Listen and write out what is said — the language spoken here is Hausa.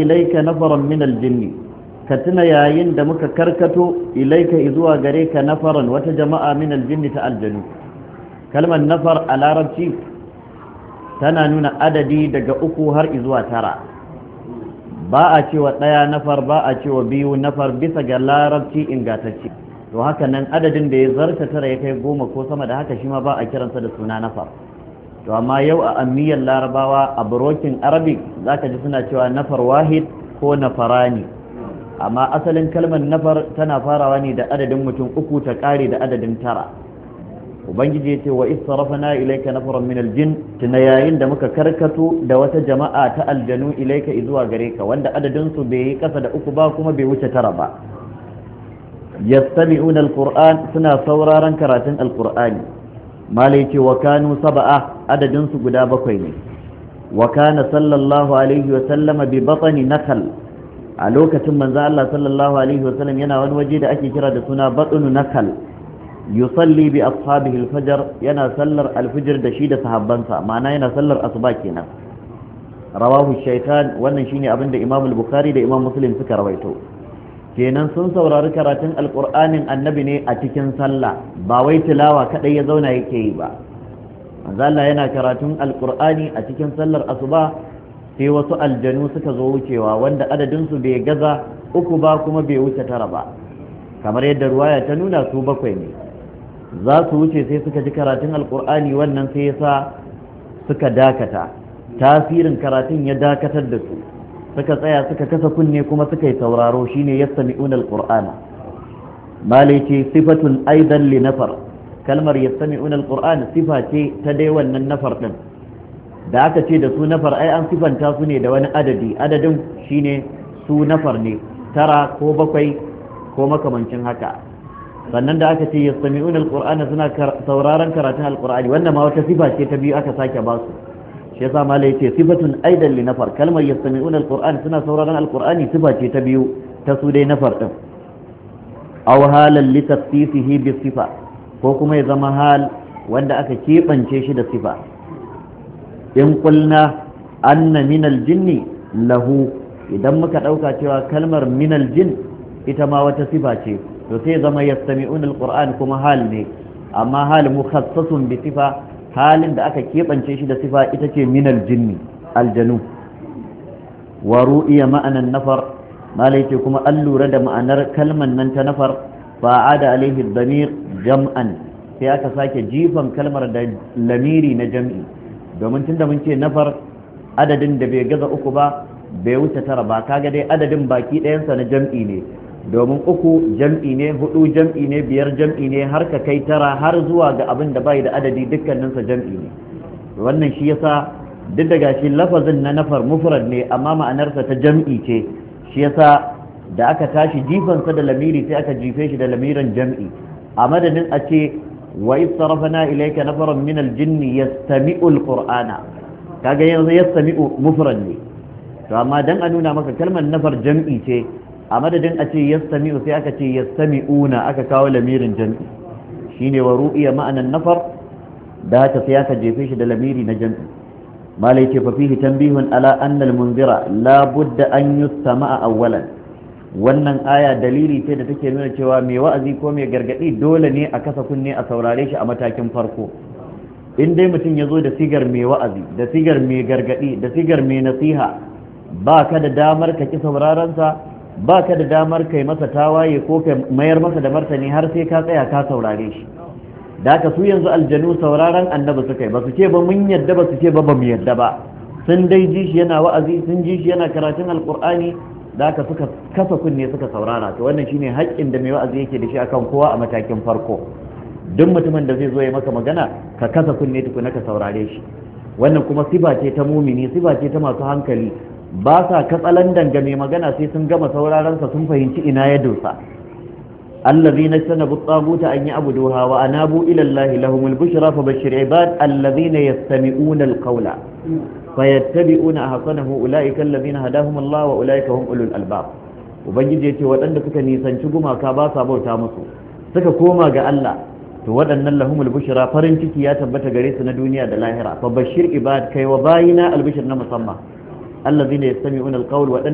ilaika nafaran min aljinni ka tuna yayin da muka karkato ilaika izuwa gare ka nafaran wata jama'a min aljinni ta aljanu kalmar nafar a larabci tana nuna adadi daga uku har izuwa tara ba a cewa ɗaya nafar ba a cewa biyu nafar bisa ga larabci ingatacce to haka nan adadin da ya zarta tara ya kai goma ko sama da haka shi ma ba a kiransa da suna nafar to amma yau a ammiyar larabawa a brokin arabic za ka ji suna cewa nafar wahid ko nafarani amma asalin kalmar nafar tana farawa ne da adadin mutum uku ta kare da adadin tara ubangiji ya ce wa ilaika ilayka nafaran min aljin tuna yayin da muka karkatu da wata jama'a ta aljanu ilaika zuwa gare ka wanda adadin su bai yi kasa da uku ba kuma bai wuce tara ba yastami'una alquran suna sauraron karatun alqur'ani malai ce wa kanu saba'a adadinsu guda bakwai ne wa kana sallallahu alaihi wa sallama bi batani nakal a lokacin manzo Allah sallallahu alaihi wa sallam yana wani waje da ake kira da suna batnu nakal yusalli bi ashabihi al yana sallar al da shi da sahabbansa ma'ana yana sallar asuba kenan rawahu shaytan wannan shine abin da Imam al-Bukhari da Imam Muslim suka rawaito kenan sun saurari karatun alkur'anin annabi ne a cikin sallah ba wai tilawa kaɗai ya zauna yake yi ba manzala yana karatun Alƙur'ani a cikin sallar asuba sai wasu aljanu suka zo wucewa wanda adadinsu bai gaza uku ba kuma bai wuce tara ba kamar yadda ruwaya ta nuna su bakwai ne za su wuce sai suka ji karatun Alƙur'ani, wannan sai ya sa suka dakata tasirin karatun ya dakatar da su suka tsaya suka kasa kunne kuma suka yi sauraro shine sami alqur'ana malai ce sifatun aidan li nafar kalmar yastami'una alqur'ana sifa ce ta dai wannan nafar ɗin. da aka ce da su nafar ai an sifanta su ne da wani adadi adadin shine su nafar ne tara ko bakwai ko makamancin haka sannan da aka ce yastami'una alqur'ana suna sauraron karatun alƙur'ani wannan ma wata sifa ce ta biyu aka sake ba su shi yasa yace sifatun aidan li nafar kalmar yastami'una alquran suna sauraron alqurani sifa ce ta biyu ta su dai nafar din aw halan li tasfifihi bi sifa ko kuma ya zama hal wanda aka kebance shi da sifa in qulna anna min lahu idan muka dauka cewa kalmar min aljin ita ma wata sifa ce to sai zama yastami'una alquran kuma hal ne amma hal mukhassasun bi sifa halin da aka keɓance shi da sifa ita ce minal jinni aljanu wa ru'iya ma'anan nafar malai ce kuma an lura da ma'anar kalman nan ta nafar fa'ada alaihi damir jam'an sai aka sake jifan kalmar da lamiri na jam'i domin tunda mun ce nafar adadin da bai gaza uku ba bai wuce tara ba kaga dai adadin baki ɗayansa na jam'i ne domin uku jam'i ne hudu jam'i ne biyar jam'i ne har ka kai tara har zuwa ga abin da bai da adadi dukkaninsa jam'i ne wannan shi yasa duk da gashi lafazin na nafar mufrad ne amma ma'anarsa ta jam'i ce shi yasa da aka tashi jifansa da lamiri sai aka jife shi da lamirin jam'i a madadin a ce wa istarafana ilayka nafaran min aljinn yastami'u alqur'ana kaga yanzu yastami'u mufrad ne to amma dan a nuna maka kalmar nafar jam'i ce a madadin a ce yastami'u sai aka ce yastami'una aka kawo lamirin jam'i shine wa ru'iya ma'anan nafar da haka sai aka jefe shi da lamiri na jam'i malai ce fa fihi tanbihun ala anna munzira la an yustama'a awwalan wannan aya dalili ce da take nuna cewa mai wa'azi ko mai gargadi dole ne a kasa kunne a saurare shi a matakin farko in dai mutum ya zo da sigar mai wa'azi da sigar mai gargadi da sigar mai nasiha ba ka da damar ka ki saurarensa ba ka da damar kai masa tawaye ko ka mayar masa da martani har sai ka tsaya ka saurare shi da ka su yanzu aljanu sauraron annabi suka yi ba su ce ba mun yadda ba su ce ba ba mu yadda ba sun dai ji shi yana wa'azi sun ji shi yana karatun alkur'ani da ka suka kasa kunne suka saurara to wannan shine haƙƙin da mai wa'azi yake da shi akan kowa a matakin farko duk mutumin da zai zo ya maka magana ka kasa kunne tukuna ka saurare shi wannan kuma siba ce ta mumini siba ce ta masu hankali ba sa katsalandan ga mai magana sai sun gama saurarensa sun fahimci ina ya dosa الذين اجتنبوا الطاغوت أن يعبدوها وأنابوا إلى الله لهم البشرى فبشر عباد الذين يستمعون القول فيتبعون أحسنه أولئك الذين هداهم الله وأولئك هم أولو الألباب ubangiji yace waɗanda suka nisanci gumaka ba sa bauta musu suka koma ga Allah to waɗannan lahumul bushra farin ciki ya tabbata gare su na duniya da lahira fa bashir ibad kai wa bayina albishir na musamman الذين يستمعون القول وأن